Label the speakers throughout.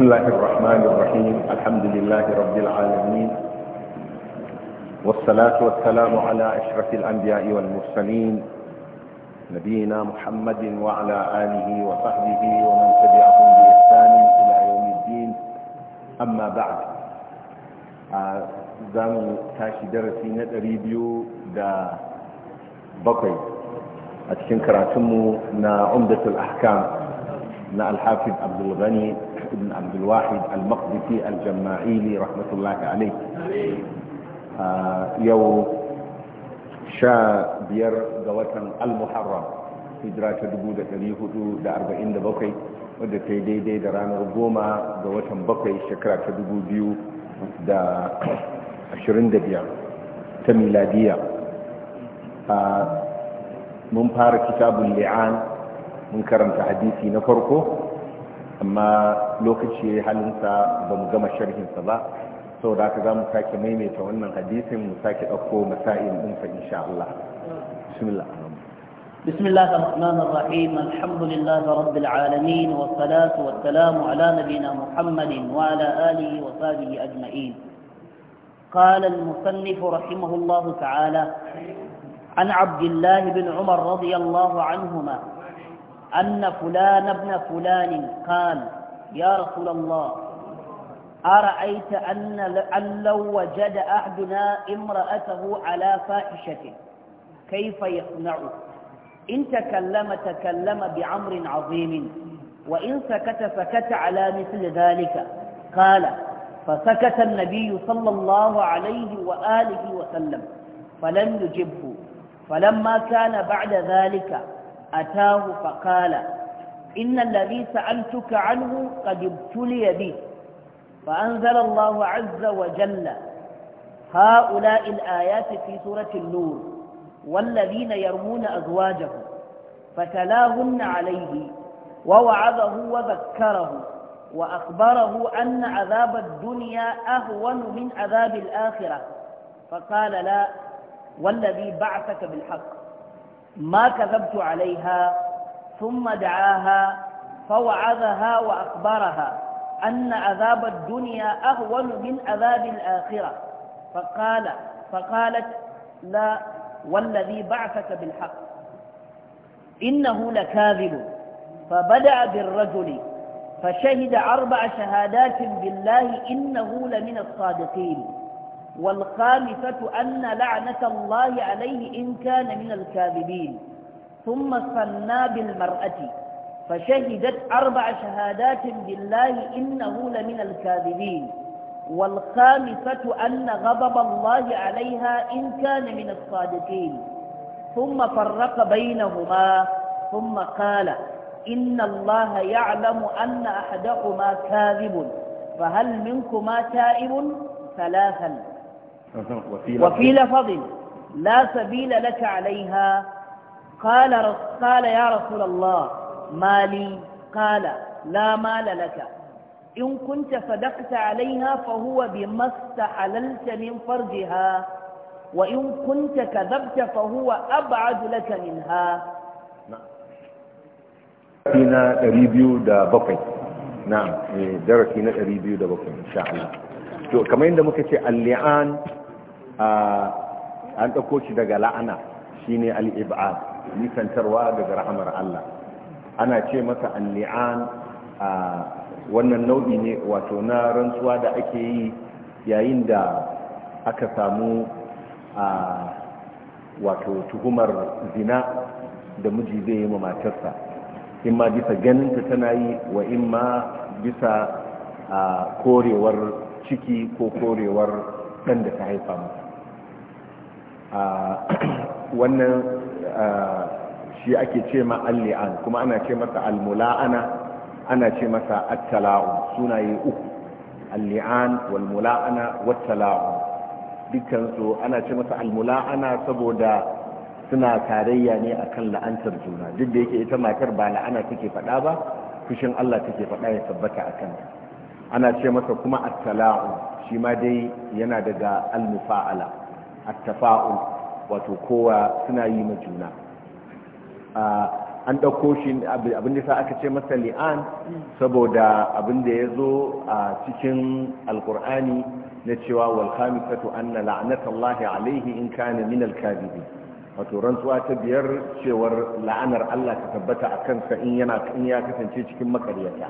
Speaker 1: بسم الله الرحمن الرحيم الحمد لله رب العالمين والصلاة والسلام على أشرف الأنبياء والمرسلين نبينا محمد وعلى آله وصحبه ومن تبعهم بإحسان إلى يوم الدين أما بعد زام تاشي درسي ندري بيو دا بقي أتشنكراتمو نا عمدة الأحكام نا الحافظ عبد الغني بن عبد الواحد المقدسي الجماعيلي رحمة الله عليه آه، يو شا بير دوتن المحرم في دراسة دبودة اليهود دار بين دبوكي ودتي تي دي دي دران ربوما دوتن بوكي شكرا تدبوديو دا عشرين دبيا تميلادية آه، من فار كتاب اللعان من كرم تحديثي نفركو أما lokaci ya yi halinsa ba mu gama sharhinsa ba sau da aka za mu sake maimaita wannan hadisin mu sake ɗauko masa'in ɗinsa insha Allah bismillah
Speaker 2: بسم الله الرحمن الرحيم الحمد لله رب العالمين والصلاة والسلام على نبينا محمد وعلى آله وصحبه أجمعين قال المصنف رحمه الله تعالى عن عبد الله بن عمر رضي الله عنهما أن فلان ابن فلان قال يا رسول الله أرأيت أن, لو وجد أحدنا امرأته على فاحشته كيف يصنع إن تكلم تكلم بعمر عظيم وإن سكت سكت على مثل ذلك قال فسكت النبي صلى الله عليه وآله وسلم فلم يجبه فلما كان بعد ذلك أتاه فقال إن الذي سألتك عنه قد ابتلي به فأنزل الله عز وجل هؤلاء الآيات في سورة النور والذين يرمون أزواجهم فتلاهن عليه ووعظه وذكره وأخبره أن عذاب الدنيا أهون من عذاب الآخرة فقال لا والذي بعثك بالحق ما كذبت عليها ثم دعاها فوعظها وأخبرها أن عذاب الدنيا أهون من عذاب الآخرة فقال فقالت لا والذي بعثك بالحق إنه لكاذب فبدأ بالرجل فشهد أربع شهادات بالله إنه لمن الصادقين والخامسة أن لعنة الله عليه إن كان من الكاذبين ثم صلى بالمرأة فشهدت أربع شهادات بالله إنه لمن الكاذبين والخامسة أن غضب الله عليها إن كان من الصادقين ثم فرق بينهما ثم قال إن الله يعلم أن أحدكما كاذب فهل منكما تائب ثلاثا
Speaker 1: وفي
Speaker 2: لفظ لا سبيل لك عليها قال قال يا رسول الله مالي قال لا مال لك إن كنت صدقت عليها فهو بما استحللت من فرجها وإن كنت كذبت فهو أبعد لك منها
Speaker 1: فينا ريبيو دا بقي نعم درسي نا ريبيو دا بقي إن شاء الله to kamar yadda muka ce al-li'an an dauko shi daga la'ana shine al-ib'ad nisantarwa daga rahamar Allah ana ce masa al a wannan nau'i ne wato na rantsuwa da ake yi yayin da aka samu a wato tuhumar zina da miji zai yi wa matarsa in ma bisa ganinta tana yi wa in ma bisa korewar ciki ko korewar ɗan da ta haifa masa wannan shi ake ce ma alli'an kuma ana ce masa almula'ana ana ce masa attala'u sunaye uku alli'an walmula'ana wattala'u dukkansu ana ce masa almula'ana saboda suna tarayya ne akan la'antar juna duk da yake ita matar ba la'ana take faɗa ba fushin Allah take faɗa ya tabbata a kanta ana ce masa kuma attala'u shi ma dai yana daga almufa'ala attafa'u wato kowa suna yi ma juna an ɗauko shi abin da sa aka ce masa li'an saboda abinda ya zo a cikin alkur'ani na cewa wal khamisatu anna lahi alaihi in kana min al wato rantsuwa ta biyar cewar la'anar Allah ta tabbata a kansa in ya kasance cikin makaryata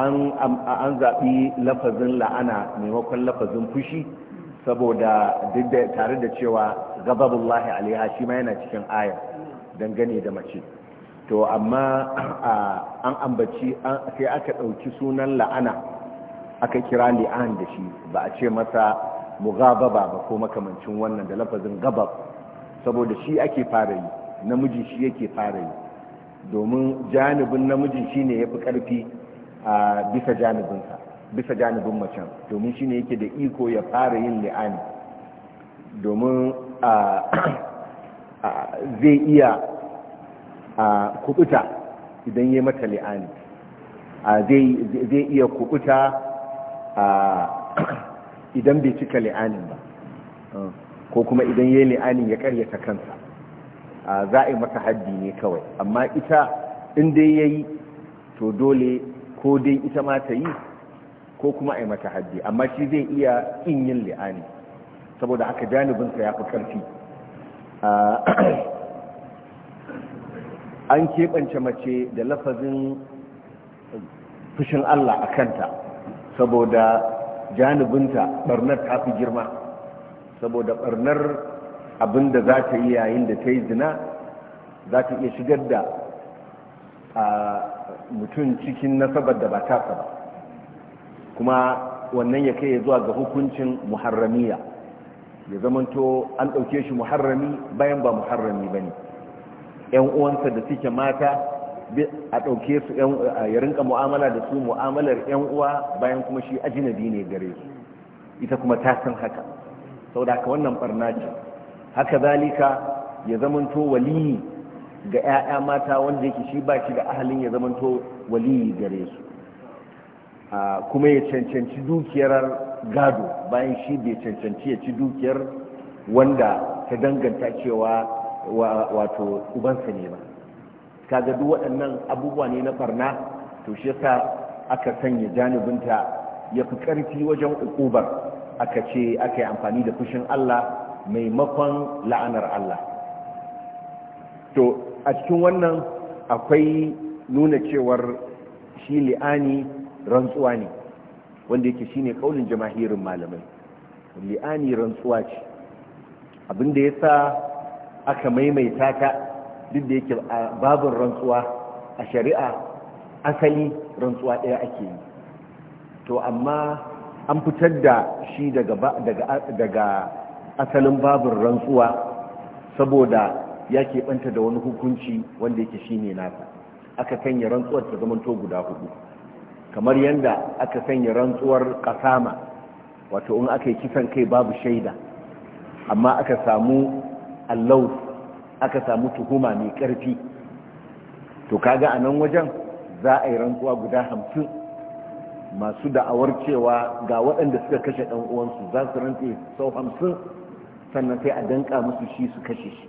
Speaker 1: an zaɓi lafazin la'ana maimakon lafazin fushi saboda duk da tare da cewa gababullahi alaiha shi ma yana cikin aya dangane da mace to amma an ambaci sai aka ɗauki sunan la'ana aka kira li'an da shi ba a ce masa mugababa ba ko makamancin wannan da lafazin gabab saboda shi ake fara yi namiji shi yake fara yi domin janibin namijin shine ya fi ƙarfi a bisa janibinsa bisa janibin macen domin shi ne yake da iko ya fara yin li'ani domin zai iya kubuta idan ya mata li'ani zai iya kubuta idan bai cika li'anin ba ko kuma idan ya yi li'anin ya karyata kansa za a yi mata haddi ne kawai amma ita inda ya yi to dole ko dai ita ma ta yi ko kuma a yi mata haddi amma shi zai iya in yin li'ani saboda haka janibinsa ya fi ƙarfi an keɓance mace da lafazin fushin Allah a kanta saboda janibinta ɓarnar ta fi girma saboda ɓarnar abinda za ta yi yayin da ta yi zina za ta iya shigar da mutum cikin nasabar da ba ta ba kuma wannan ya kai zuwa ga hukuncin muharramiya ya zamanto an ɗauke shi muharrami bayan ba muharrami ba ne ‘yan uwansa da suke mata a ɗauke su ya rinka mu'amala da su mu'amalar ‘yan uwa bayan kuma shi ajinabi ne gare su ita kuma ta san haka sau da haka wannan barna ce haka zalika ya zamanto waliyi ga ‘ya'ya mata wanda yake shi ba shi da ahalin ya zamanto waliyi gare su kuma ya cancanci dukiyar gado bayan shi bai cancanci ya ci dukiyar wanda ta danganta cewa wato ubansa ne ba kaga duk waɗannan abubuwa ne na barna to shi yasa aka sanya janibinta ya fi ƙarfi wajen ukubar aka ce aka yi amfani da fushin Allah maimakon la'anar Allah to a cikin wannan akwai nuna cewar shi li'ani rantsuwa ne wanda yake shine kaulin jamahirin malamai li'ani rantsuwa ce abinda ya sa aka maimaita ta duk da yake babin rantsuwa a shari'a asali rantsuwa ɗaya ake yi to amma an fitar da shi daga asalin babin rantsuwa saboda ya keɓanta da wani hukunci wanda yake shine nasa aka kanya rantsuwar ta zamanto guda hudu kamar yadda aka sanya rantsuwar kasama wato in aka yi kisan kai babu shaida amma aka samu allaus aka samu tuhuma mai ƙarfi to kaga a nan wajen za a yi rantsuwa guda hamsin masu da'awar cewa ga waɗanda suka kashe ɗan uwansu za su rantse sau hamsin sannan sai a danka musu shi su kashe shi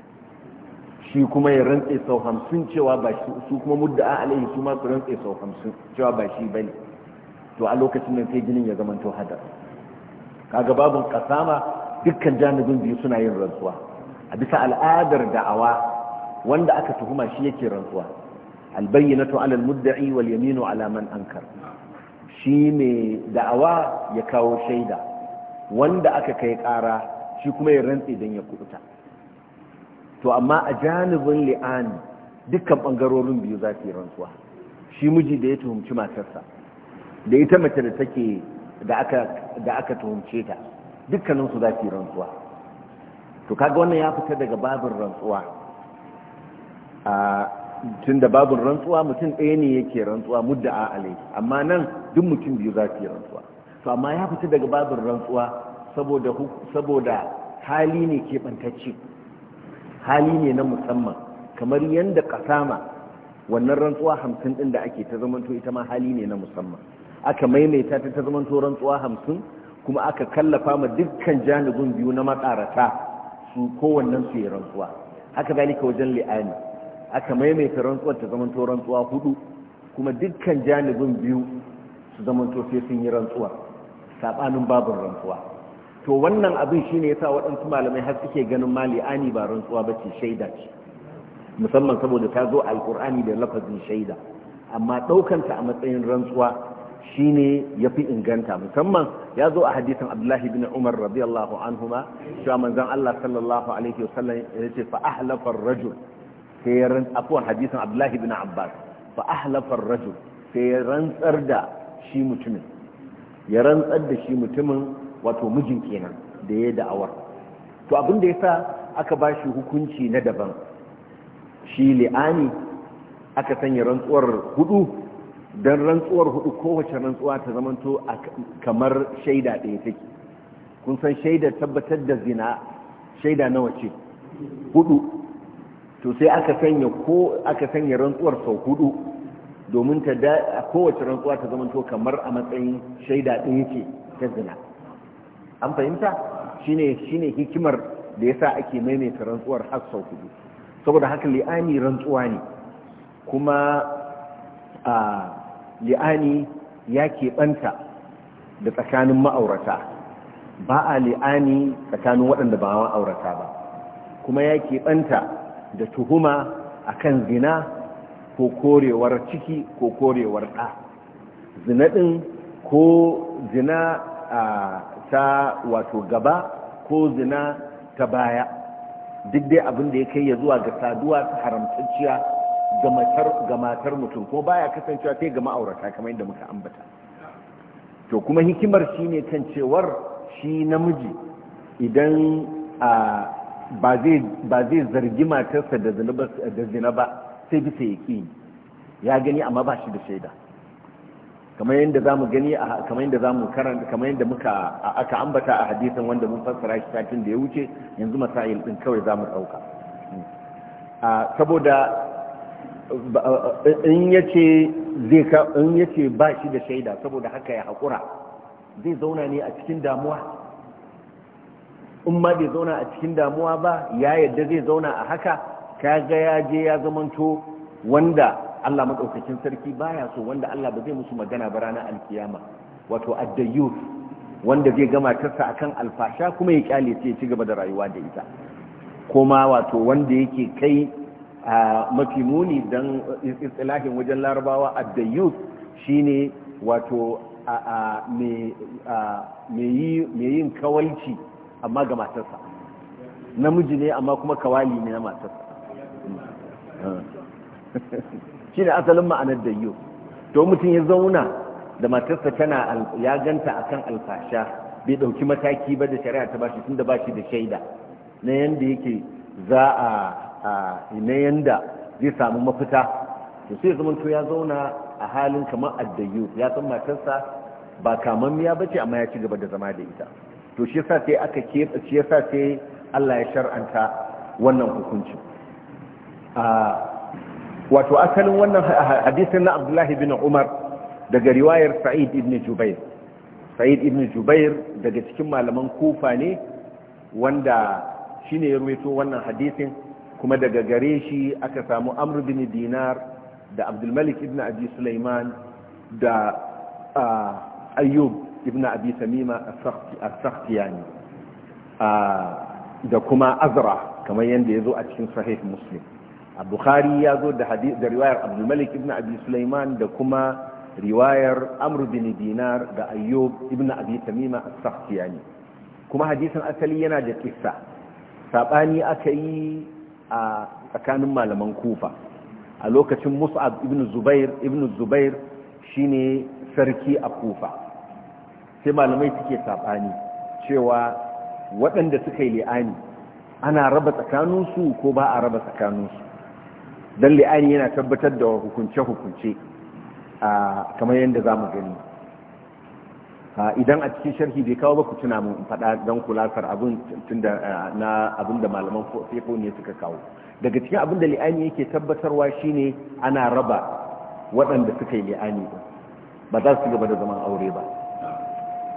Speaker 1: shi kuma ya rantse sau hamsin cewa ba shi su kuma mudda'a alaihi su ma su rantse sau hamsin cewa ba shi bane to a lokacin nan sai jinin ya to hadar kaga babun kasama dukkan janibin biyu suna yin rantsuwa a bisa al'adar da'awa wanda aka tuhuma shi yake rantsuwa albayyinatu ala mudda'i wal yaminu ala man ankar shi ne da'awa ya kawo shaida wanda aka kai kara shi kuma ya rantse dan ya kubuta to amma a janibin li'ani dukkan bangarorin biyu za su yi rantsuwa shi miji da ya tuhumci matarsa da ita mace da take da aka tuhumce ta dukkaninsu za su yi rantsuwa to kaga wannan ya fita daga babin rantsuwa a tun da babin rantsuwa mutum ɗaya ne yake rantsuwa mudda a alai amma nan duk mutum biyu za su yi rantsuwa to amma ya fita daga babin rantsuwa saboda hali ne ke keɓantacce hali ne na musamman kamar yadda kasama wannan rantsuwa hamsin ɗin da ake ta zamanto ita ma hali ne na musamman aka maimaita ta ta zamanto rantsuwa hamsin kuma aka kallafa ma dukkan janibin biyu na matsarata su kowannen su yi rantsuwa haka zalika wajen li'ani aka maimaita rantsuwar ta zamanto rantsuwa hudu kuma dukkan janibin biyu su zamanto sai sun yi rantsuwa saɓanin babin rantsuwa to wannan abin shine sa waɗansu malamai har suke ganin mali ani ba rantsuwa ba ce shaida ce musamman saboda ta zo alkur'ani da lafazin shaida amma ɗaukanta a matsayin rantsuwa ne ya fi inganta musamman ya zo a hadisan abdullahi bin umar radiyallahu anhuma allah sallallahu alaihi wasallam ya ce fa rajul sai ya afuwan abdullahi bin abbas fa rajul sai ya rantsar da shi mutumin ya rantsar da shi mutumin wato mijin kenan da ya da'awar to abin da yasa aka ba shi hukunci na daban shi li'ani aka sanya rantsuwar hudu don rantsuwar hudu kowace rantsuwa ta zamanto kamar shaida ɗaya take kun san shaida tabbatar da zina shaida nawa ce hudu to sai aka sanya ko aka sanya rantsuwar sau hudu domin ta da kowace rantsuwa ta zamanto kamar a matsayin shaida ɗaya ce ta zina an fahimta shine shine hikimar da yasa ake maimaita rantsuwar har sau saboda haka li'ani rantsuwa ne kuma a li'ani ya keɓanta da tsakanin ma'aurata ba a li'ani tsakanin waɗanda ba ma'aurata ba kuma ya keɓanta da tuhuma a kan zina ko korewar ciki ko korewar ɗa zina ɗin ko zina a ta wato gaba ko zina ta baya duk dai abin da ya kai ya zuwa ga saduwa ta haramtacciya ga matar mutum ko baya kasancewa sai ga ma'aurata kamar yadda muka ambata to kuma hikimar shine kan cewar shi namiji idan ba zai zargi matarsa da zina ba sai bisa ƙi ya gani amma ba shi da shaida kamar yadda zamu gani kamar yadda zamu karanta kamar yadda muka aka ambata a hadisin wanda mun fassara shi cikin da ya wuce yanzu masail din kawai zamu dauka a saboda in yace zai ka in yace ba shi da shaida saboda haka ya hakura zai zauna ne a cikin damuwa in ma bai zauna a cikin damuwa ba ya yadda zai zauna a haka kaga ya je ya zamanto wanda Allah maɗaukacin sarki baya so wanda Allah ba zai musu magana ba ranar alkiyama wato addayyuf wanda zai gama tarsa akan alfasha kuma ya kyale sai ya ci gaba da rayuwa da ita kuma wato wanda yake kai mafi muni dan istilahin wajen larabawa addayyuf shine wato mai yin kawalci amma ga matarsa namiji ne amma kuma kawali ne na matarsa hmm. Shi ne asalin ma'anar dayo to mutum ya zauna da matarsa tana ya ganta a kan alfasha bai ɗauki mataki ba da shari'a ta bashi tunda bashi da shaida na yanda yake za a na yanda zai samu mafita to sai zaman to ya zauna a halin kamar addayyo ya san matarsa ba kamammiya ce, amma ya ci gaba da zama da ita to shi yasa sai aka keɓe shi yasa sai Allah ya shar'anta wannan hukunci ah, wato asalin wannan hadisin na abdullahi bin umar daga riwayar sa'id ibn jubair sa'id ibn jubair daga cikin malaman kufa ne wanda shine ya ruwaito wannan hadisin kuma daga gare shi aka samu amr bin dinar da abdulmalik ibn abi sulaiman da ayyub ibn abi samima as-sakhtiyani da kuma azra kamar yadda ya zo a cikin sahih muslim a bukhari ya zo da riwayar abdulmalik ibn abi sulaiman da kuma riwayar amr bin dinar da ayyub ibn abi tamima as-sakhtiyani kuma hadisin asali yana da kissa sabani aka yi a tsakanin malaman kufa a lokacin mus'ab ibn zubair ibn zubair shine sarki a kufa sai malamai suke sabani cewa waɗanda suka yi li'ani ana raba tsakaninsu ko ba a raba tsakaninsu don li'ani yana tabbatar da hukunce-hukunce kamar yadda za mu gani idan a cikin sharhi bai kawo ba ku tuna mun faɗa don kulasar abin da malaman fefo ne suka kawo daga cikin abin da li'ani yake tabbatarwa shine ana raba waɗanda suka yi li'ani ba za su gaba da zaman aure ba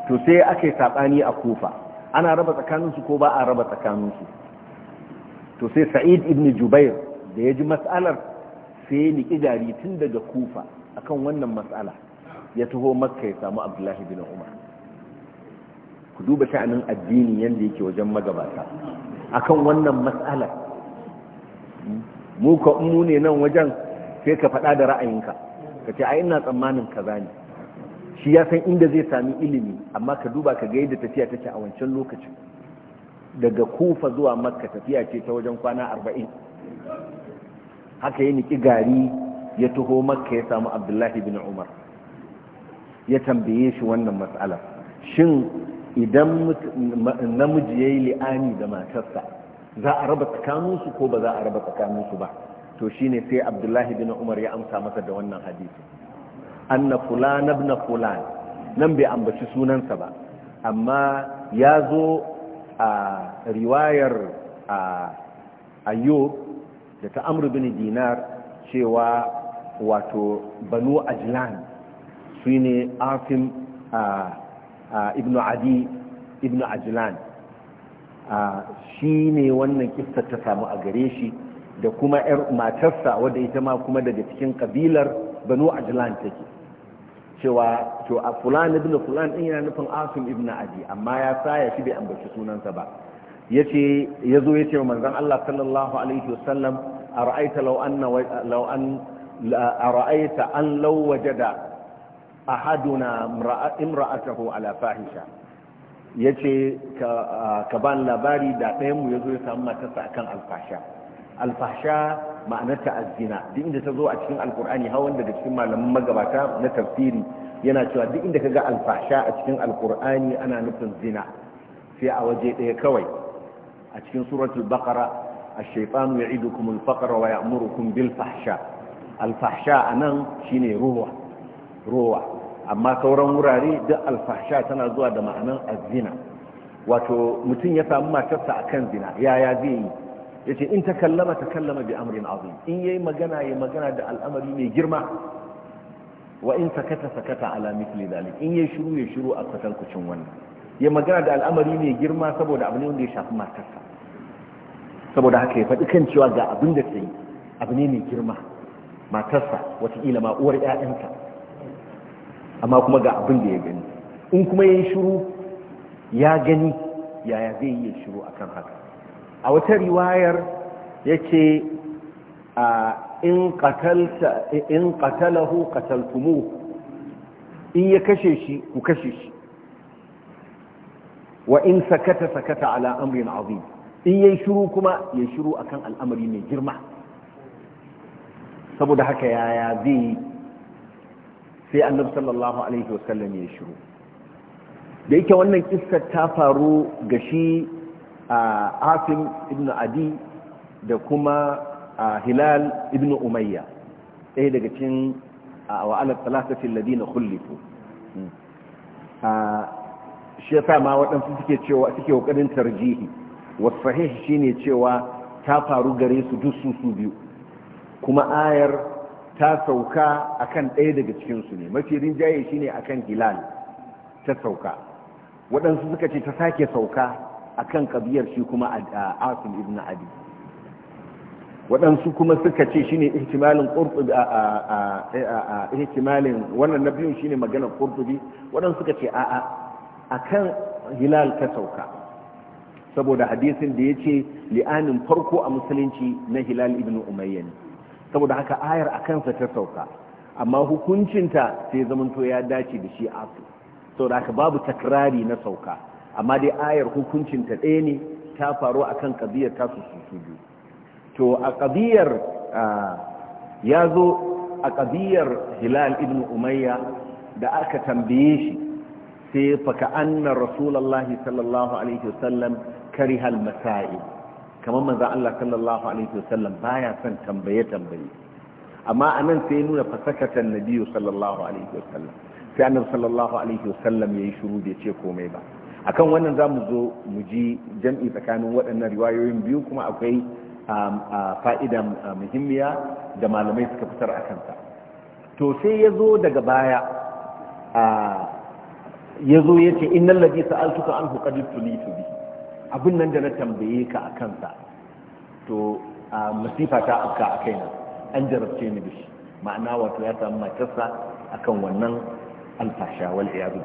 Speaker 1: to sai aka yi saɓani a kofa ana raba tsakaninsu ko ba a raba tsakaninsu to sai sa'id ibn jubair da ya ji mas'alar sai ya niƙi gari tun daga kufa akan wannan mas'ala ya taho makka ya samu abdullahi bin umar ku duba sha'anin addini yadda yake wajen magabata akan wannan mas'alar mu ka mu ne nan wajen sai ka faɗa da ra'ayinka ka ce a ina tsammanin ka za ne shi ya san inda zai sami ilimi amma ka duba ka ga yadda tafiya take a wancan lokacin daga kufa zuwa makka tafiya ce ta wajen kwana arba'in haka yi niki gari ya tuho maka ya samu abdullahi bin umar ya tambaye shi wannan matsala shin idan namiji ya yi li'ani da matarsa za a raba tsakaninsu ko ba za a raba tsakaninsu ba to shine sai abdullahi bin umar ya amsa masa da wannan hadisi kula na na kula nan bai ambaci sunansa ba amma ya zo a riwayar Ayo da ta amru bin dinar cewa wato banu ajlan su ne afin ibn adi ibn ajlan shi ne wannan kista ta samu a gare shi da kuma yar matarsa wadda ita ma kuma daga cikin kabilar banu ajlan take cewa to a fulani ibn fulani din yana nufin asim ibn adi amma ya ya shi bai ambaci sunansa ba yace yazo yace manzon Allah sallallahu alaihi wasallam ara'aita law anna law an ara'aita an law wajada ahaduna imra'atahu ala fahisha yace ka ban labari da ɗayan mu yazo ya samu matarsa akan alfasha alfasha ma'anarta azina duk inda ta zo a cikin alkur'ani har wanda da cikin malaman magabata na tafsiri yana cewa duk inda kaga alfasha a cikin alkur'ani ana nufin zina sai a waje ɗaya kawai a cikin suratul baqara ash-shaytanu ya'idukum al-faqra wa ya'murukum bil fahsha al-fahsha anan shine ruwa ruwa amma sauran wurare duk al-fahsha tana zuwa da ma'anan az-zina wato mutum ya samu matarsa akan zina yaya zai yi yace in ta kallama ta kallama bi amrin azim in yayi magana yayi magana da al'amari mai girma wa in sakata sakata ala mithli dhalik in yayi shiru yayi shiru a kucin wannan ya magana da al'amari mai girma saboda abu ne wanda ya shafi matarsa saboda haka ya faɗi kan cewa ga abin da ta yi abu ne mai girma matarsa watakila ma uwar 'ya'yanta amma kuma ga abin da ya gani in kuma ya yi shiru ya gani yaya zai yi ya shiru akan haka a wata riwayar ya ce in ƙatalahu, qataltumuhu in ya kashe shi ku kashe shi wa in sakata sakata ala amrin azim in yayi shiru kuma ya shiru akan al'amari mai girma saboda haka yaya zai sai annabi sallallahu alaihi wasallam ya shiru da yake wannan kissar ta faru ga shi a Asim ibn Adi da kuma Hilal ibn Umayya ɗaya daga cikin wa'alar na ladina kullifu hmm. shi yasa ma waɗansu suke cewa suke ƙoƙarin tarjihi wasu sahih shine cewa ta faru gare su duk su su biyu kuma ayar ta sauka akan ɗaya daga cikinsu ne mafi rinjaye shine akan hilal ta sauka waɗansu suka ce ta sake sauka akan kabiyar shi kuma a asim ibn abi waɗansu kuma suka ce shine ihtimalin qurtubi a ihtimalin wannan na biyun shine maganar qurtubi waɗansu suka ce a'a akan hilal ta sauka saboda hadisin da ya ce li'anin farko a musulunci na hilal ibn umayya saboda haka ayar a kansa ta sauka amma hukuncinta sai zamanto ya dace da shi su saboda haka babu takrari na sauka amma dai ayar hukuncinta ɗaya ne ta faru a kan ƙabiyar tasu su biyu to a ƙabiyar ya zo a ƙabiyar hilal ibn umayya da aka tambaye shi sai faka anna rasulullahi sallallahu alaihi wasallam karihal masail kamar manzo Allah sallallahu alaihi wasallam baya son tambaye tambaye amma anan sai nuna fasakatan nabiyyu sallallahu alaihi wasallam sai annabi sallallahu alaihi wasallam yayi shiru bai ce komai ba akan wannan zamu zo mu ji jam'i tsakanin waɗannan riwayoyin biyu kuma akwai um, fa'ida um, muhimmiya da malamai suka fitar akan ta to sai ya zo daga baya a. ya zo ya ce innan labi sa'altuka an hukadu su bi abin nan da na tambaye ka a kansa to a masifa ta afka a kaina an jarabce ni da shi ma'ana wato ya samu matarsa a kan wannan alfasha wal iyadu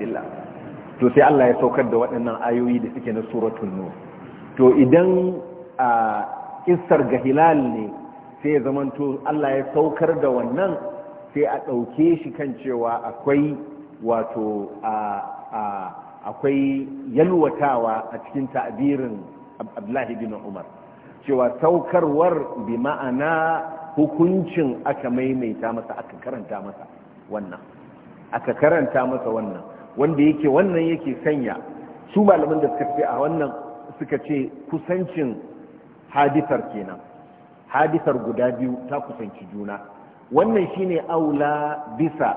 Speaker 1: to sai Allah ya saukar da waɗannan ayoyi da suke na suratun nur to idan a isar ga hilal ne sai ya zamanto Allah ya saukar da wannan sai a ɗauke shi kan cewa akwai wato a akwai yalwatawa a cikin ta'birin abdullahi bin umar cewa saukarwar bi ma'ana hukuncin aka maimaita masa aka karanta masa wannan aka karanta masa wannan wanda yake wannan yake sanya su malaman da suka ce a wannan suka ce kusancin hadisar kenan hadisar guda biyu ta kusanci juna wannan shine aula bisa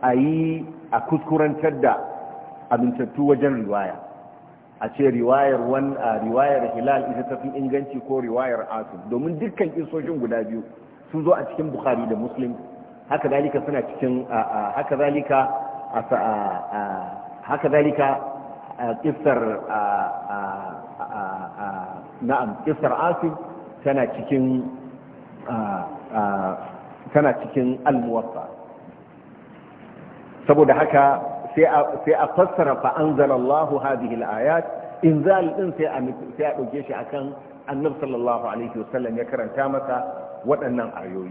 Speaker 1: a yi a kuskurantar da amintattu wajen riwaya a ce riwayar wan riwayar hilal ita tafi inganci ko riwayar asin, domin dukkan isoshin guda biyu sun zo a cikin bukhari da muslim haka zalika suna cikin haka zalika haka zalika kisar na'am kisar tana cikin tana cikin al saboda haka sai a fassara fa anzalallahu ayat in din sai a sai a ɗauke shi kan annabi sallallahu alaihi wasallam ya karanta masa waɗannan ayoyi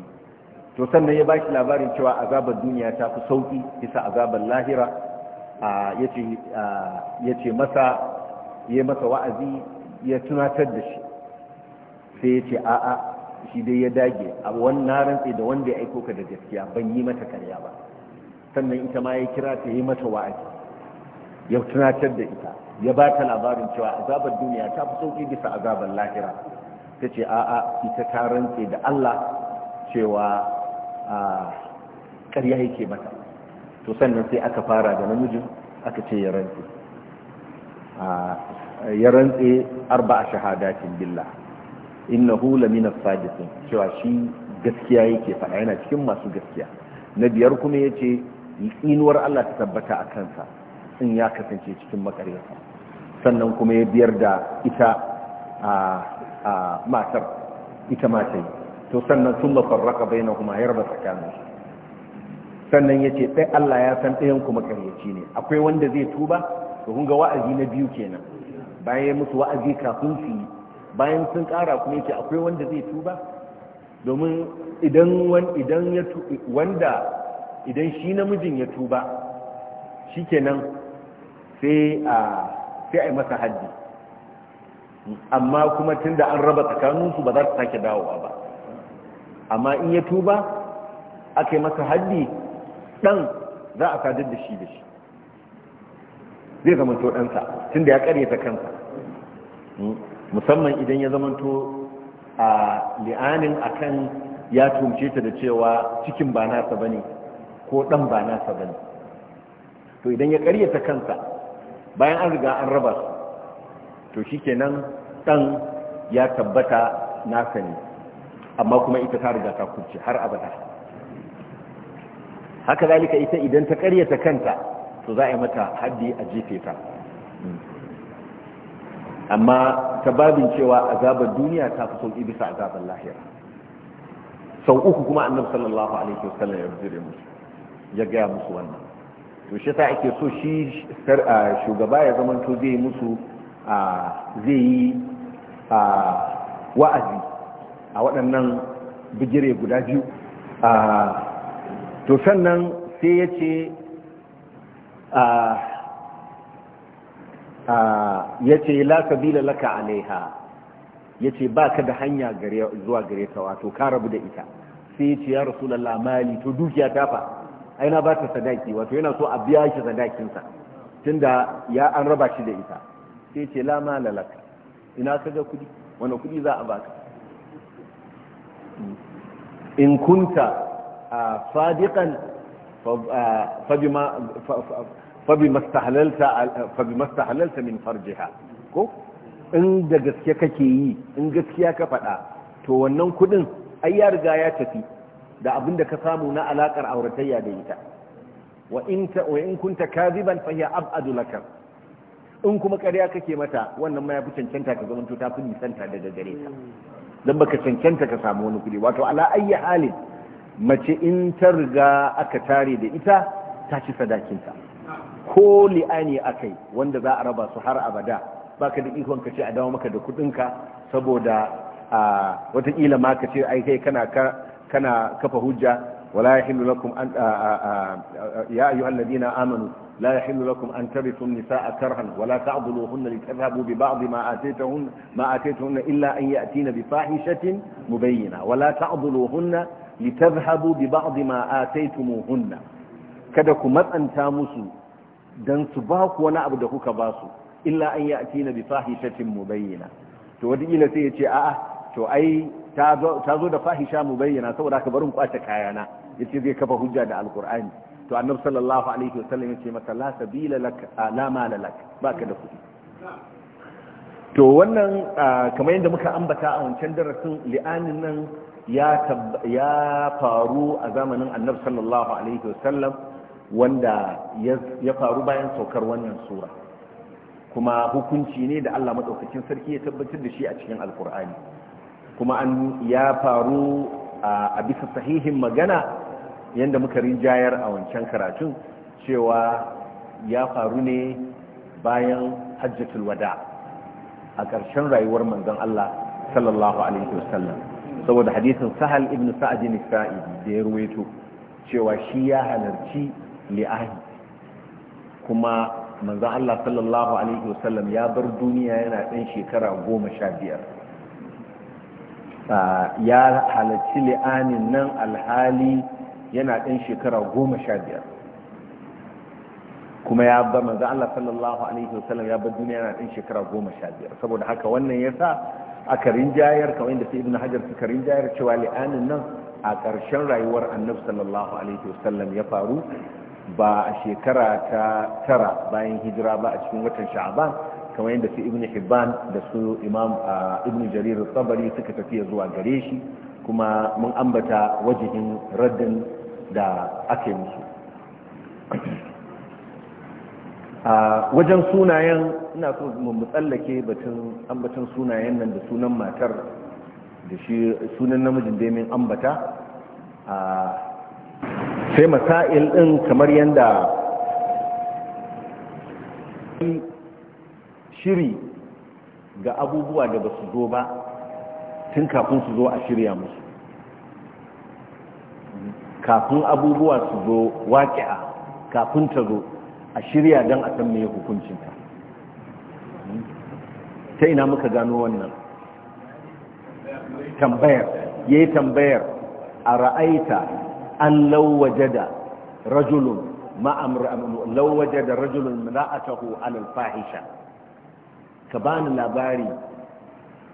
Speaker 1: to sannan ya shi labarin cewa azabar duniya ta fi sauƙi, bisa azabar lahira Ya ce masa masa wa'azi ya tunatar da shi sai ce a'a shi dai ya dage a rantse da wanda ya aiko ka da gaskiya ban yi mata karya ba sannan ita ma ya kira ta yi mata wa'azi
Speaker 2: ya tunatar da
Speaker 1: ita ya ba ta labarin cewa azabar duniya ta fi sauƙi bisa azabar lahira ta ce a'a ita ta rantse da Allah cewa a ƙarya yake mata to sannan sai aka fara da namijin aka ce ya rantse ya rantse arba a shahadatin billah innahu lamina sadiqin cewa shi gaskiya yake faɗa yana cikin masu gaskiya na biyar kuma ya ce. inuwar Allah ta tabbata a kansa in ya kasance cikin makarinsa sannan kuma ya biyar da ita a matar ita mata yi to sannan sun mafarraka bai na kuma yarba tsakanin sannan ya ce ɗai Allah ya san ɗayan kuma ƙaryaci ne akwai wanda zai tuba to kun ga wa'azi na biyu kenan bayan ya musu wa'azi kafin su yi bayan sun ƙara kuma ya ce akwai wanda zai tuba domin idan wanda idan shi namijin ya tuba shi sai a sai a yi masa haddi amma kuma tun da an raba tsakaninsu ba za ta sake dawowa ba amma in ya tuba aka yi masa haddi ɗan za a sadar da shi da shi zai zamanto ɗansa tun da ya ta kansa musamman idan ya zamanto a li'anin akan ya tumce ta da cewa cikin ba nasa ba ne. ko ɗan ba nasa ba ne to idan ya ƙaryata kansa bayan an riga an raba su to shi kenan ɗan ya tabbata nasa ne amma kuma ita ta riga ta kurce har abada haka zalika ita idan ta ƙaryata kanta to za a yi mata haddi a jefe ta amma ta babin cewa azabar duniya ta fi sauƙi bisa azabar lahira sau uku kuma annabi sallallahu alaihi wasallam ya rubuta musu ya gaya musu wannan to shi sa ake so shi shugaba ya zamanto zai musu zai yi wa'azi a waɗannan bigire guda biyu to sannan sai ya ce ya ce la sabila laka alaiha ya ce ba ka da hanya zuwa gare ta wato ka rabu da ita sai ya ce ya rasu lalla to dukiya ta fa aina ba ta sadaki wato yana so a biya shi sadakinsa tunda ya an raba shi da ita sai ce la ma lalaka ina ka ga kudi wani kudi za a baka in kunta a sadiqan fabima stahalalta min farjiha ko in da gaske kake yi in gaskiya ka faɗa to wannan kudin ai ya riga ya tafi da abin da ka samu na alakar auratayya da ita wa in kunta kaziban fa hiya abadu laka in kuma ƙarya kake mata wannan ma yafi cancanta ka zamanto ta fi nisanta daga gare ta dan baka cancanta ka samu wani kudi wato ala ayyi halin mace in ta riga aka tare da ita ta ci sadakinta ko li'ani akai wanda za a raba su har abada baka da ikon ka ce a dawo maka da ka saboda a watakila ma ka ce ai kai kana ka. كنا كفى هجة ولا يحل لكم أن آآ آآ يا أيها الذين آمنوا لا يحل لكم أن ترثوا النساء كرها ولا تعضلوهن لتذهبوا ببعض ما آتيتهن, ما آتيتهن إلا أن يأتين بفاحشة مبينة ولا تعضلوهن لتذهبوا ببعض ما آتيتموهن كدكم أن تاموسوا دان سباك ونعبده كباسوا إلا أن يأتين بفاحشة مبينة تودي إلى سيئة آه تو أي ta zo da fahisha mu bayyana saboda ka barin kwace kayana yace zai kafa hujja da alqur'ani to annab sallallahu alaihi wasallam yace masa la sabila lak la mala lak baka da kudi to wannan kamar yadda muka ambata a wancan darasin li'anin nan ya ya faru a zamanin annab sallallahu alaihi wasallam wanda ya faru bayan saukar wannan sura kuma hukunci ne da Allah madaukakin sarki ya tabbatar da shi a cikin alqur'ani kuma an ya faru a bisa sahihin magana yadda muka rinjayar a wancan karatun cewa ya faru ne bayan hajjatul wada a ƙarshen rayuwar manzon Allah sallallahu alaihi wasallam saboda hadisin sahal ibn sa'ad ibn sa'idi da ya ruwaito cewa shi ya halarci li'ahi kuma manzon Allah sallallahu alaihi wasallam ya bar duniya yana ɗan shekara goma sha biyar ya halarci li'anin nan alhali yana ɗan shekara goma sha biyar kuma ya ba manzan Allah sallallahu alaihi wasallam ya bar duniya yana ɗan shekara goma sha biyar saboda haka wannan ya sa a karin jayar kamar yadda sai ibn hajar karin jayar cewa li'anin nan a ƙarshen rayuwar annabi sallallahu alaihi wasallam ya faru ba a shekara ta tara bayan hijira ba a cikin watan sha'aban kamar yadda su ibn hibban da su imam ibn jarir tabari suka tafiya zuwa gare shi kuma mun ambata wajihin raddin da ake musu a wajen sunayen ina so mu tsallake batun ambatan sunayen nan da sunan matar da shi sunan namijin da min ambata sai masail din kamar yadda shiri ga abubuwa da ba su zo ba tun kafin su zo a shirya musu kafin abubuwa su zo waƙi'a kafin ta zo a shirya don a san mai hukuncinta ta ina muka gano wannan tambayar ya yi tambayar a ra'aita an lauwaje da rajulun ma'amur'amun lauwaje da rajulun ra'atahu alal alfahisha. ka bani labari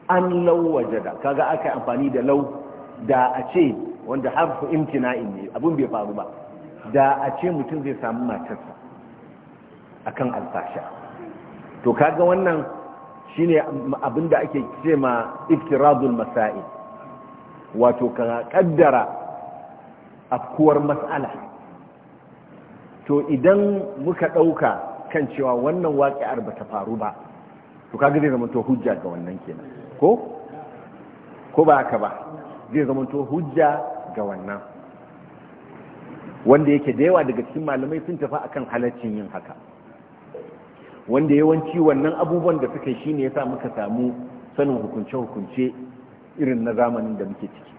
Speaker 1: an lauwaje da kaga aka amfani da lau da a ce wanda harfu in ne abin bai faru ba da a ce mutum zai samu matarsa akan alfasha to kaga wannan shi ne abin da ake ce ma iftiradul masa'i? wato ka kaddara afkuwar mas'ala to idan muka ɗauka kan cewa wannan waƙi'ar ba ta faru ba to kaga zai zamanto hujja ga wannan kenan ko ko ba haka ba zai zamanto hujja ga wannan wanda yake da yawa daga cikin malamai sun tafi akan halaccin yin haka wanda yawanci wannan abubuwan da suka shi ne yasa muka samu sanin hukunce-hukunce irin na zamanin da muke ciki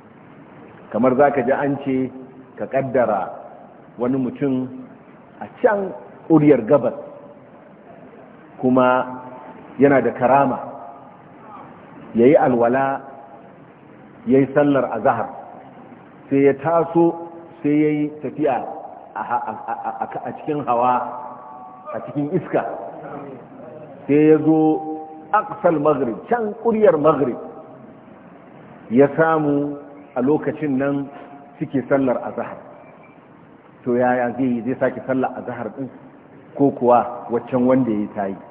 Speaker 1: kamar za ka ji an ce ka kaddara wani mutum a can uriyar gabas kuma yana da karama ya yi alwala ya yi sallar a sai ya taso sai ya yi tafiya a cikin hawa a cikin iska sai ya zo aksal maghrib can kuryar maghrib ya samu a lokacin nan suke sallar a zahar to yaya zai yi zai sake sallar a zahar din ko kuwa waccan wanda ya yi ta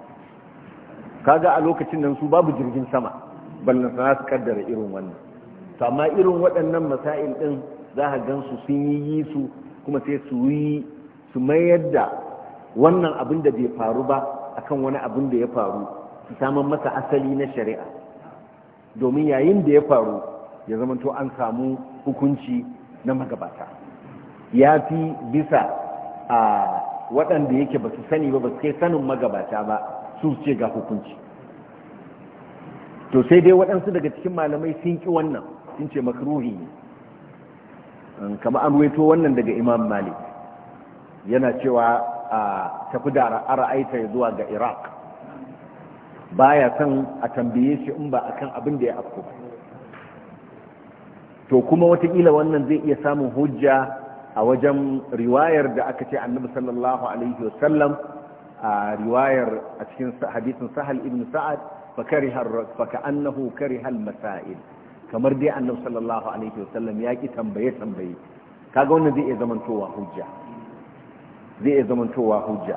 Speaker 1: kaga a lokacin nan su babu jirgin sama ballan sana su kaddara irin wannan to amma irin waɗannan masail din za ka gan su sun yi yi su kuma sai su yi su mayar da wannan abin da bai faru ba akan wani abin da ya faru su samun masa asali na shari'a domin yayin da ya faru ya zama to an samu hukunci na magabata ya fi bisa a waɗanda yake ba su sani ba ba su kai sanin magabata ba su ce ga hukunci to sai dai waɗansu daga cikin malamai sun ƙi wannan sun ce makruhi ne kama an ruwaito wannan daga imam mali yana cewa a tafi da ra'aita zuwa ga iraq baya son a tambaye shi in ba akan abin da ya afko ba to kuma watakila wannan zai iya samun hujja a wajen riwayar da aka ce annabi sallallahu alaihi wasallam a riwayar a cikin hadisin sahal ibn sa'ad kariha al masa'il kamar dai annabi sallallahu alaihi wasallam ya ki tambaye tambaye kaga wannan zai iya zamantowa hujja zai iya zamantowa hujja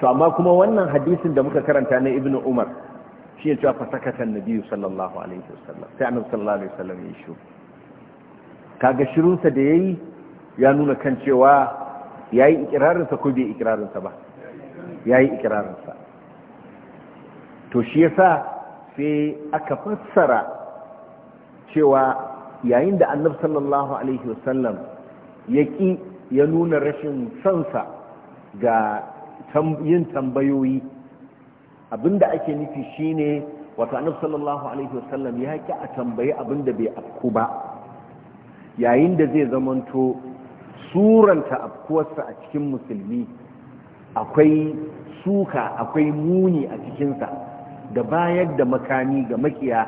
Speaker 1: to amma kuma wannan hadisin da muka karanta na Ibn umar shi ya cewa sakata nabi sallallahu alaihi wasallam sai annabi sallallahu alaihi wasallam ya shiru kaga shirunsa da yayi ya nuna kan cewa yayi ikirarin sa ko bai ikirarin sa ba ya yi ikirarinsa to shi yasa sai aka fassara cewa yayin da annab sallallahu alaihi wasallam ya ƙi ya nuna rashin sansa ga yin tambayoyi abinda ake nufi shine wato annab sallallahu alaihi wasallam ya ƙi a tambayi abinda bai afku ba yayin da zai zamanto suranta afkuwarsa a cikin musulmi akwai suka akwai muni a cikinsa da bayar da makami ga makiya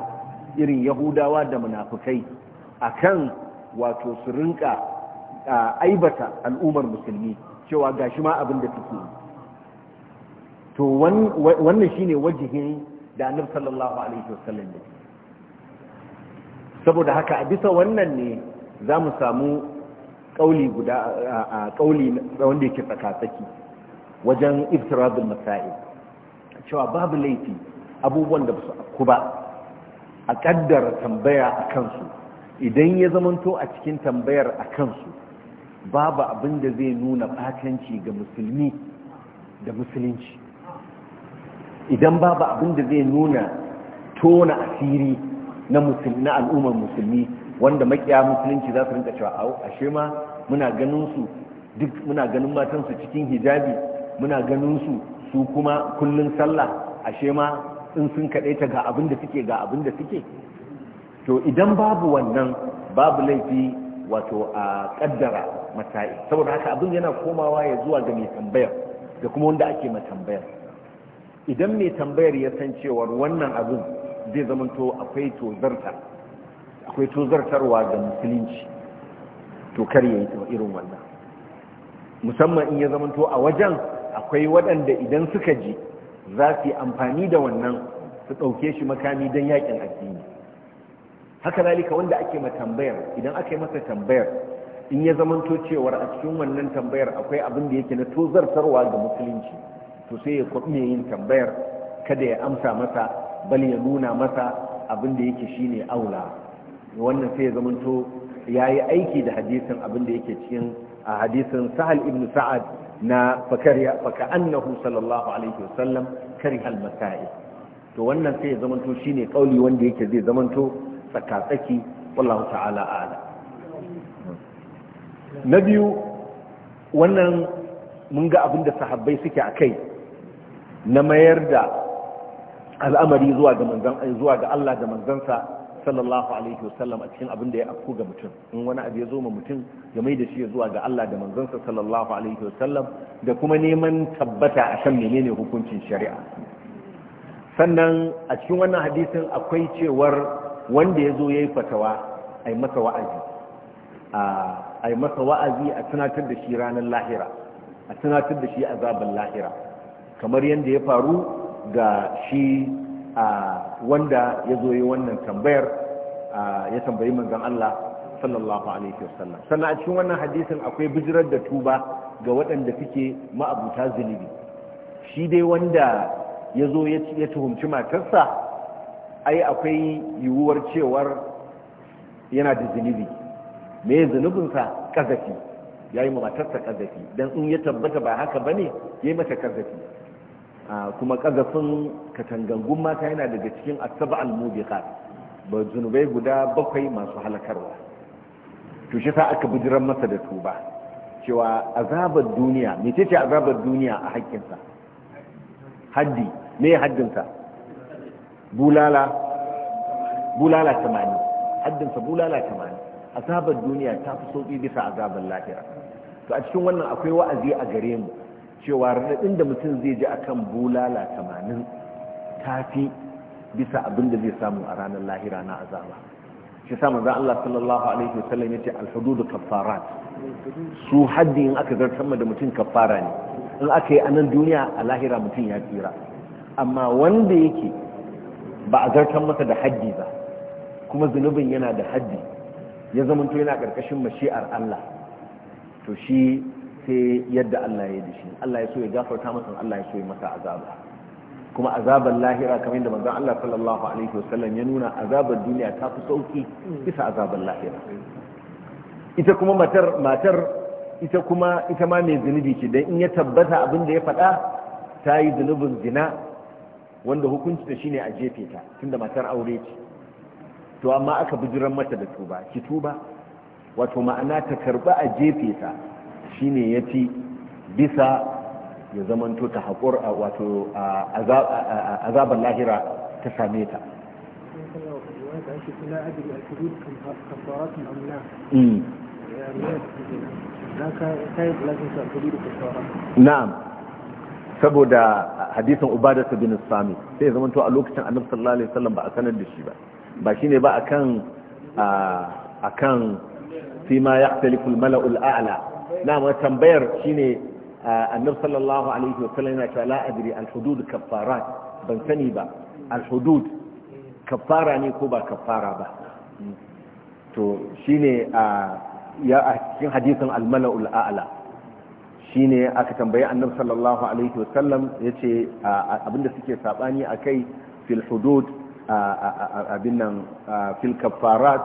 Speaker 1: irin yahudawa da munafukai akan wato su rinka aibata al'ummar musulmi cewa gashi ma abin da suke to wannan shine wajihin da annabi sallallahu alaihi wasallam ne saboda haka a bisa wannan ne za mu samu kauli guda a kauli wanda yake tsaka tsaki wajen iftiradul masail cewa babu laifi abubuwan da su ku ba a ƙaddara tambaya a kansu idan ya zamanto a cikin tambayar a kansu babu abin da zai nuna batanci ga musulmi da musulunci idan babu abin da zai nuna tona asiri na al'ummar musulmi wanda makiya musulunci za su rinka cewa ashe ma muna ganin duk muna ganin matansu cikin hijabi muna ganin su su kuma kullun sallah ashe ma in sun kadaita ga abin da suke ga abin da suke to idan babu wannan babu laifi wato a kaddara masa'i saboda haka abin yana komawa ya zuwa ga mai tambayar da kuma wanda ake ma tambayar idan mai tambayar ya san cewa wannan abin zai to akwai to zarta akwai to zartarwa ga musulunci to kar ya yi irin wannan musamman in ya zamanto a wajen akwai waɗanda idan suka ji za su yi amfani da wannan su ɗauke shi makami don yakin addini haka lalika wanda ake ma tambayar idan aka yi masa tambayar in ya zamanto cewar a cikin wannan tambayar akwai abin da yake na tozartarwa ga musulunci to sai ya kwaɓi yin tambayar kada ya amsa masa bal ya nuna masa abin da yake shine aula wannan sai ya zamanto ya yi aiki da hadisin abin da yake cikin a hadisin sahal ibnu sa'ad na fakariya faka annahu sallallahu alaihi wasallam kariha al to wannan sai ya zamanto shine kauli wanda yake zai zamanto tsakatsaki wallahu ta'ala na biyu wannan mun ga abin da sahabbai suke a kai na mayar da al'amari zuwa ga manzan zuwa ga Allah da manzansa sallallahu alaihi wasallam a cikin abin da ya afku ga mutum in wani abu ya zo ma mutum ya mai da shi ya zuwa ga Allah da manzonsa sallallahu alaihi wasallam da kuma neman tabbata a kan menene hukuncin shari'a sannan a cikin wannan hadisin akwai cewar wanda ya zo ya yi fatawa a masa wa'azi a yi masa wa'azi a tunatar da shi ranar lahira a tunatar da shi azabin lahira kamar yadda ya faru ga shi wanda ya zo yi wannan tambayar ya tambayi manzon Allah sallallahu alaihi wasallam sannan a cikin wannan hadisin akwai bijirar da tuba ga waɗanda suke ma'abuta zunubi shi dai wanda ya zo ya tuhumci matarsa ai akwai yiwuwar cewar yana da zunubi me zunubinsa Ƙazafi. ya yi matarsa kazafi don in ya tabbata ba haka ba ne ya yi mata ƙazafi. kuma kazafin katangangun mata yana daga cikin asaba al-mubiqat ba zunubai guda bakwai masu halakarwa to shi sa aka bijiran masa da tuba cewa azabar duniya mecece azabar duniya a haƙƙinsa haddi me haddinsa bulala bulala 80 haddinsa bulala tamani azabar duniya ta fi sauƙi bisa azabar lahira to a cikin wannan akwai wa'azi a gare mu cewa raɗaɗin da mutum zai ji akan bulala tamanin tafi bisa abin da zai samu a ranar lahira na azaba shi sa za Allah sallallahu alaihi wasallam ce al da kafarat su haddi in aka zartar da mutum kafara ne in aka yi a nan duniya a lahira mutum ya tsira amma wanda yake ba a zartar masa da haddi ba kuma zunubin yana da haddi ya zamanto yana karkashin mashi'ar Allah to shi sai yadda Allah ya da shi Allah ya so ya gafarta masa Allah ya so ya masa azaba kuma azabar lahira kamar yadda manzon Allah sallallahu alaihi wasallam ya nuna azabar duniya ta fi sauki bisa azabar lahira ita kuma matar matar ita kuma ita ma mai zunubi ce dan in ya tabbata abin da ya faɗa ta yi zunubin zina wanda hukunci ta shine a jefe ta tunda matar aure ce to amma aka bijiran mata da tuba ki tuba wato ma'ana ta karba a jefe ta shine ya ci bisa ya zamanto ta haƙur a wato azabar lahira ta same ta hmm. na'am saboda hadisin ubadatu bin sami sai ya zamanto a lokacin annabi sallallahu alaihi wasallam ba a sanar da shi ba ba shine ba akan akan fi ma yaqtalifu al ala na ma tambayar shine annabi sallallahu alaihi sallam yana cewa la adri al hudud kaffara ban sani ba al hudud kaffara ne ko ba kaffara ba to shine ya a cikin hadisin al mala'ul a'la shine aka tambaye annabi sallallahu alaihi sallam yace abinda suke sabani akai fil hudud abin nan fil kaffarat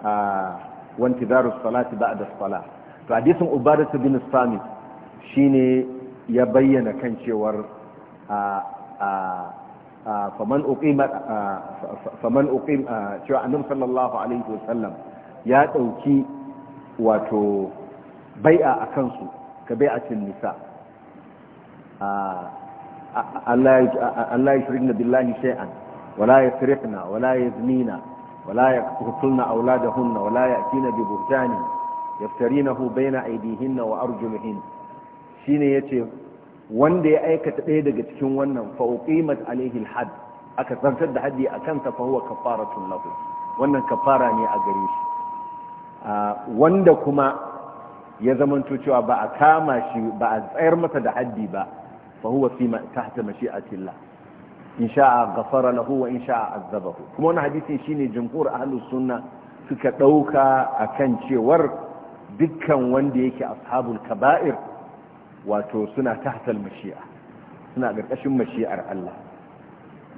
Speaker 1: ba الصلاة بعد الصلاة to hadisin ubadatu bin shi ne ya bayyana kan cewar a a faman uqima faman uqim cewa annabi sallallahu alaihi wasallam ya dauki wato bai'a akan su ka bai'atin nisa Allah ya shirina billahi shay'an wala ya yasriqna wala ya yazmina wala ya yaqtulna auladahunna wala ya ya'tina bi buhtani yaftarinahu baina aydihinna wa arjumihin shine yace wanda ya aikata ɗaya daga cikin wannan fa uqimat alaihi alhad aka tsantar da haddi akan ta fa huwa kafaratun lahu wannan kafara ne a gare shi wanda kuma ya zamanto cewa ba a kama shi ba a tsayar masa da haddi ba fa huwa fi tahta mashi'atillah in sha'a ghafara lahu wa in sha'a azabahu kuma wannan hadisi shine jumhur ahlus sunna suka dauka akan cewar dukkan wanda yake ashabul kaba'ir wato suna tahtal mashi'a suna ƙarƙashin mashi'ar Allah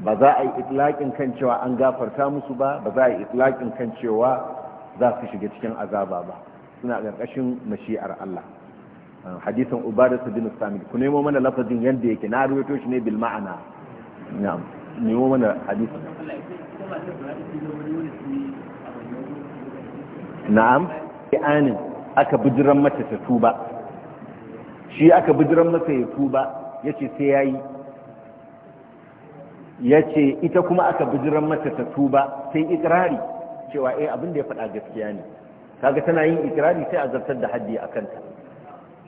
Speaker 1: ba za a yi itlaƙin kan cewa an gafarta musu ba ba za a yi itlaƙin kan cewa za su shiga cikin azaba ba suna ƙarƙashin mashi'ar Allah Hadisan uh, hadisin ubadatu bin samit ku nemo mana lafazin yadda yake na ruwaito shi ne bil ma'ana na'am nemo mana hadisan. na'am anin aka bijiran mata ta tuba shi aka bijiran masa ya tuba ya ce sai ya yi ya ce ita kuma aka bijiran mata ta tuba sai ikirari cewa eh abin da ya faɗa gaskiya ne kaga tana yin ikirari sai a zartar da haddi a kanta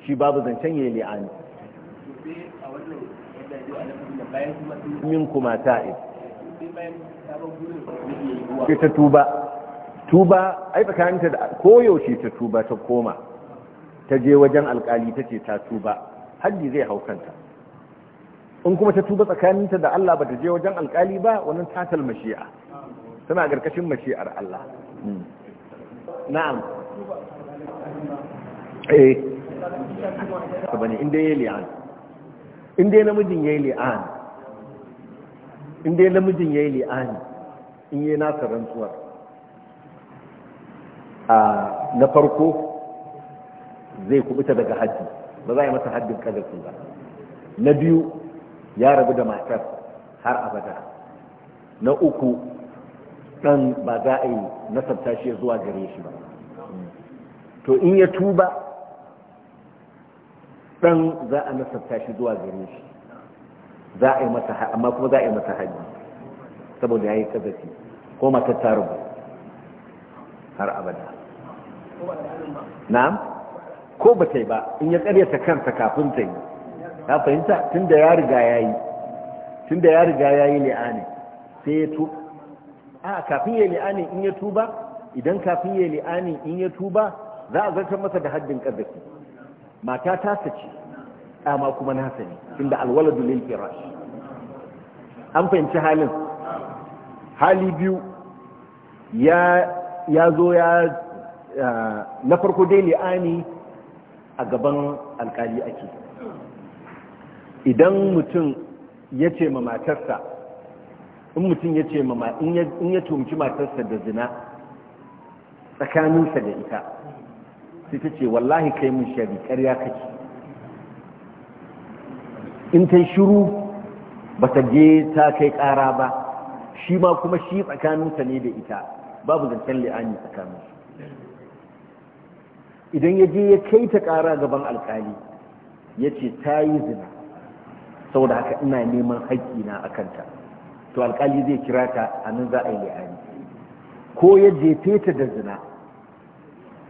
Speaker 1: shi babu zancen ya yi li'ani min kuma ta'ib sai ta tuba tuba ai tsakaninta da koyaushe ta tuba ta koma ta je wajen alkali ta ce ta tuba haddi zai hau kanta in kuma ta tuba tsakaninta da Allah ba ta je wajen alkali ba wannan tatal mashi'a tana garkashin mashi'ar Allah hmm. na'am eh sabani inda yayi li'an inda namijin yayi li'an inda namijin yayi li'an in yayi nasa na farko zai kubuta daga haddi ba za a yi masa haddin kazafi ba na biyu ya rabu da matar har abada na uku dan ba za a yi nasabta shi zuwa gare shi ba to in ya tuba dan za a nasabta shi zuwa gare shi za a yi masa amma kuma za a yi masa haji saboda ya yi kazafi ko matar ta rabu har abada na'am ko ba ta yi ba in ya karyata kansa kafin ta yi ya fahimta tun da ya riga ya yi tun da ya riga ya yi li'ani sai ya tu a kafin ya li'ani in ya tuba idan kafin ya li'ani in ya tuba za a zartar masa da haddin kaddaki mata ta sace ma kuma na sani tun da alwaladu lil firash an fahimci halin hali biyu ya ya zo ya na farko dai li'ani a gaban alkali ake idan mutum ya ce ma matarsa in mutum ya ce ma in ya tumci matarsa da zina tsakaninsa da ita sai ta ce wallahi kai mun shari ƙarya kake in ta shiru ba ta je ta kai ƙara ba shi ma kuma shi tsakaninsa ne da ita babu zancen li'ani a su idan ya je ya kai ta kara gaban alkali ya ce ta yi zina saboda haka ina neman na a kanta to alkali zai kira ta a nan za a yi li'ani ko ya jefe ta da zina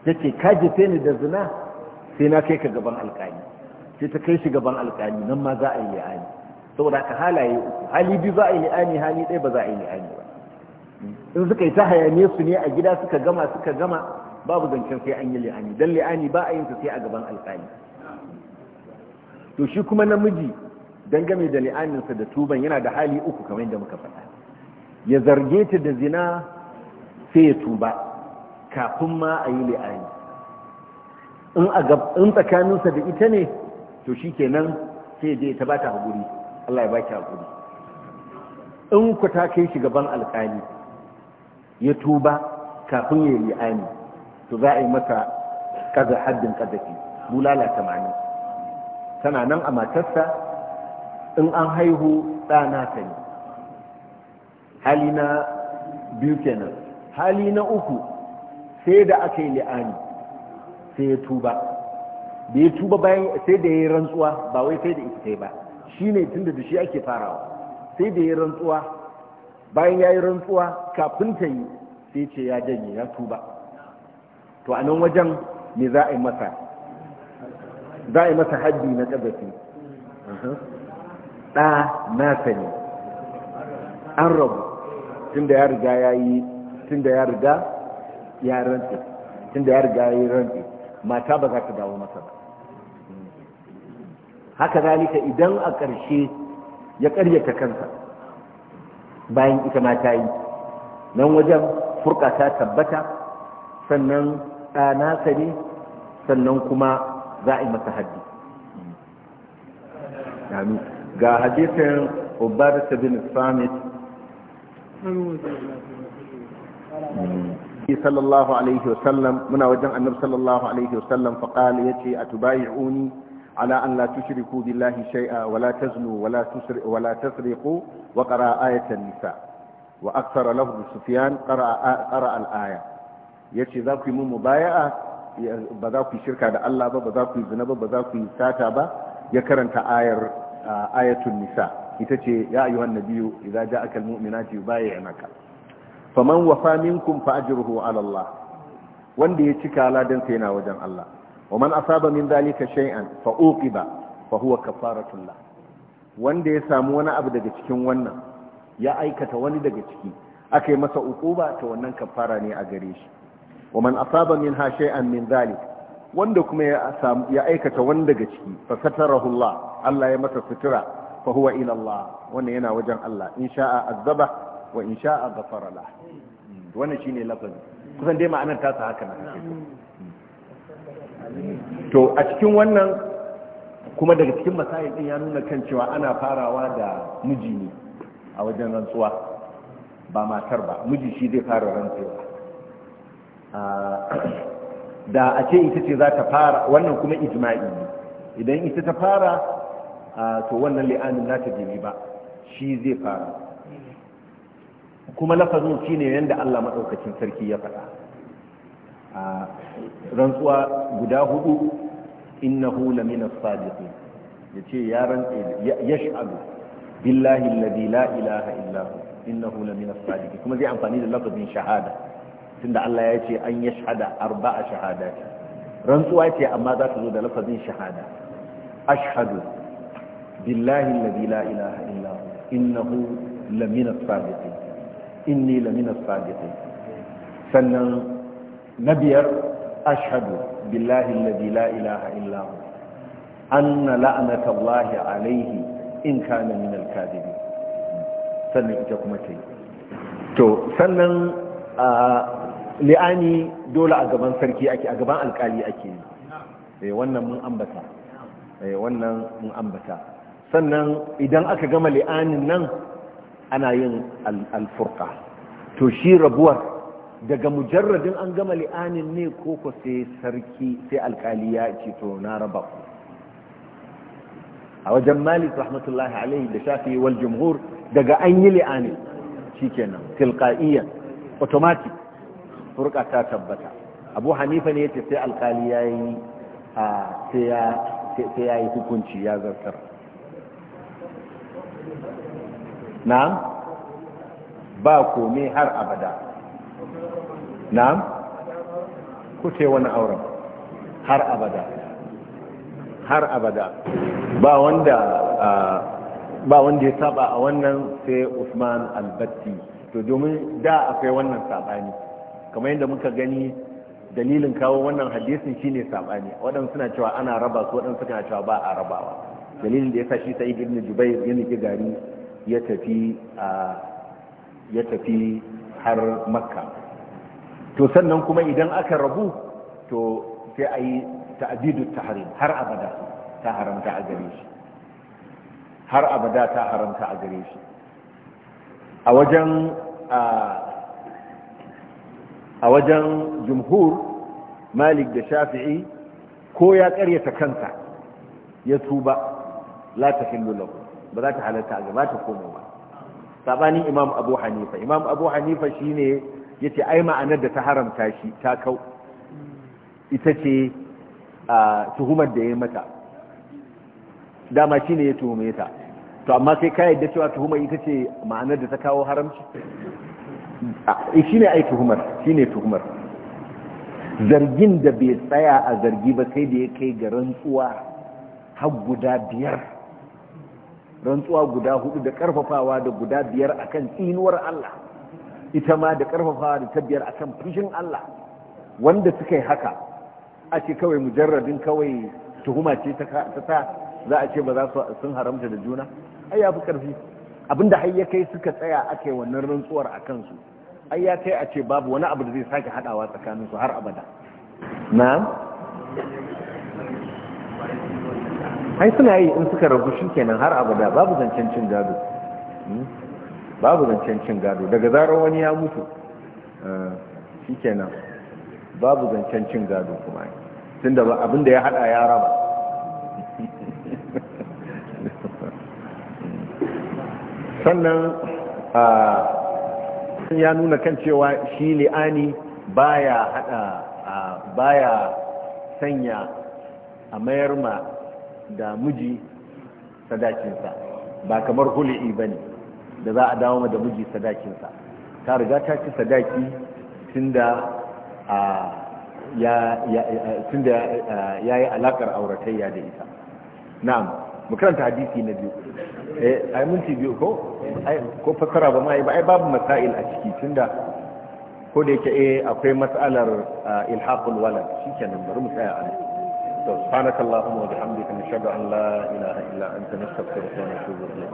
Speaker 1: ya ce ka jefe ni da zina sai na kai ka gaban alkali sai ta kai shi gaban alkali nan ma za a yi li'ani saboda haka halaye uku hali biyu za a yi li'ani hali ɗaya ba za a yi li'ani ba in suka yi ta hayane su ne a gida suka gama suka gama babu zancen sai an yi li'ani don li'ani ba a yin sa sai a gaban alƙali to shi kuma namiji dangane da li'aninsa da tuban yana da hali uku kamar yadda muka faɗa ya zarge ta da zina sai ya tuba kafin ma a yi li'ani in tsakaninsa da ita ne to shi kenan sai ya ta ba ta haƙuri Allah ya ba ki haƙuri in ku ta kai shi gaban alƙali ya tuba kafin ya yi ani to za a yi masa kaza haddin kazafi bulala tamanin tana nan a matarsa in an haihu ɗana ta ne hali na biyu kenan hali na uku sai da aka yi li'ani sai ya tuba da ya tuba bayan sai da ya yi rantsuwa ba wai sai da ita ba shi ne tun da shi ake farawa sai da ya yi rantsuwa bayan ya yi rantsuwa kafin ta yi sai ce ya janye ya tuba to a nan wajen me za a yi masa za a yi masa hajji na ƙabafi ɗa nasa ne an rabu tun da ya riga ya yi tun da ya riga ya rantse tun da ya riga ya yi rantse mata ba za ta dawo masa ba haka zalika idan a ƙarshe ya ƙaryata kansa bayan ita ma ta yi nan wajen furka ta tabbata sannan ɗana ne sannan kuma za a yi masa haddi ga hadisin ubar sabin samit sallallahu alaihi wasallam muna wajen annabi sallallahu alaihi wasallam faƙali ya ce a tubayi'uni على أن لا تشركوا بالله شيئا ولا تزنوا ولا, ولا تسرقوا وقرأ آية النساء وأكثر له سفيان قرأ, قرأ الآية يتي ذاك من مبايعة بذاك شركة دا الله بذاك زنب بذاك ساتة با يكرن آية آية النساء يتي يا أيها النبي إذا جاءك المؤمنات يبايعنك فمن وفى منكم فأجره على الله wanda ya cika ladan sai yana wajen Allah wa man asaba min zalika shay'an fa uqiba fa huwa kafaratun la wanda ya samu wani abu daga cikin wannan ya aikata wani daga ciki aka yi masa uquba ta wannan kafara ne a gare shi wa man asaba minha shay'an min zalik wanda kuma ya samu ya aikata wani daga ciki fa satarahu Allah Allah ya masa sutura fa huwa ila Allah wannan yana wajen Allah in sha'a azaba wa in sha'a ghafara la wannan shine lafazi kusan dai ma'anar ta haka na to a cikin wannan kuma daga cikin masayin din ya nuna kan cewa ana farawa da miji ne a wajen rantsuwa ba matar ba miji shi zai fara rantsuwa da a ce ita ce za ta fara wannan kuma ijma'i ne idan ita ta fara to wannan li'anin ta bai ba shi zai fara kuma lafazin ne yadda Allah maɗaukacin sarki ya faɗa a rantsuwa guda hudu innahu lamina sadiqin ya rantsa billahi alladhi la ilaha innahu lamina sadiqin kuma zai amfani da lafazin shahada tunda Allah ya ce an yashhada arba'a shahadat rantsuwa ce amma za ta zo da lafazin shahada ashhadu billahi alladhi la ilaha innahu lamina sadiqin inni lamina sadiqin sannan na biyar ashadu billahi alladhi la ilaha illa hu anna la'nata allahi alaihi in kana min al sannan ita kuma ce to sannan li'ani dole a gaban sarki ake a gaban alkali ake yi eh, wannan mun ambata eh, wannan mun ambata sannan idan aka gama li'anin nan ana yin alfurka to shi rabuwar daga mujarradin an gama li'anin ne ko ko sai sarki sai alkali ya ce to na raba ku a wajen malik rahmatullahi alaihi da shafi wal jumhur daga an yi li'ani shikenan tilqaiyan automatic furka ta tabbata abu hanifa ne yace sai alkali yayi a sai ya yi hukunci ya zartar na ba kome har abada na'am ku wani auren har abada har abada ba wanda ba wanda ya saba a wannan sai Usman Albatti to domin da akwai wannan sabani kamar yadda muka gani dalilin kawo wannan hadisin shine sabani wadannan suna cewa ana raba su wadannan suna cewa ba a rabawa dalilin da yasa shi sai ibn Jubayr ya niki gari ya tafi ya tafi har Makka to sannan kuma idan aka rabu to sai a yi ta'adidu tahrim har abada ta haramta a gare shi har abada ta haramta a gare shi a wajen a wajen jumhur malik da shafi'i ko ya karyata kansa ya tuba la ta hillu ba za ta halarta a gaba ta komo ba sabanin imam abu hanifa imam abu hanifa shine Ya ce ai ma'anar da ta haramta shi ta kau ita ce tuhumar da ya mata dama shi ne ya tuhume ta to amma sai ka yadda cewa tuhumar ita ce ma'anar da ta kawo haramci eh, shi ne ai tuhumar shi ne tuhumar zargin da bai tsaya a zargi ba sai da ya kai ga rantsuwa har guda biyar rantsuwa guda hudu da karfafawa da guda biyar a kan tsinuwar Allah ita ma da karfafawa da tabbiyar akan fushin Allah wanda suka yi haka a ce kawai mujarradin kawai tuhuma ce ta ta za a ce ba za su sun haramta da juna ai ya fi karfi abinda har ya kai suka tsaya aka wannan rantsuwar a kansu ai ya kai a ce babu wani abu da zai sake haɗawa tsakanin su har abada na ai suna yi in suka rabu shi kenan har abada babu zancen cin gado hmm? babu zancen cin gado daga zarar wani ya mutu eh, shikenan babu zancen cin gado kuma tunda ba abinda ya hada ya raba sannan ya nuna kan cewa shi li'ani baya hada baya sanya a mayar ma da miji sadakinsa ba kamar huli'i ba ne da za a dawo da miji sadakinsa ta riga ta ci sadaki tunda ya yi alakar auratayya da ita na'am mu karanta hadisi na biyu eh ai minti biyu ko ko fasara ba mai ba ai babu masail a ciki tunda ko da yake eh akwai mas'alar ilhaqul walad nan bari mu tsaya a nan سبحانك wa وبحمدك نشهد ان لا اله الا انت نستغفرك ونتوب اليك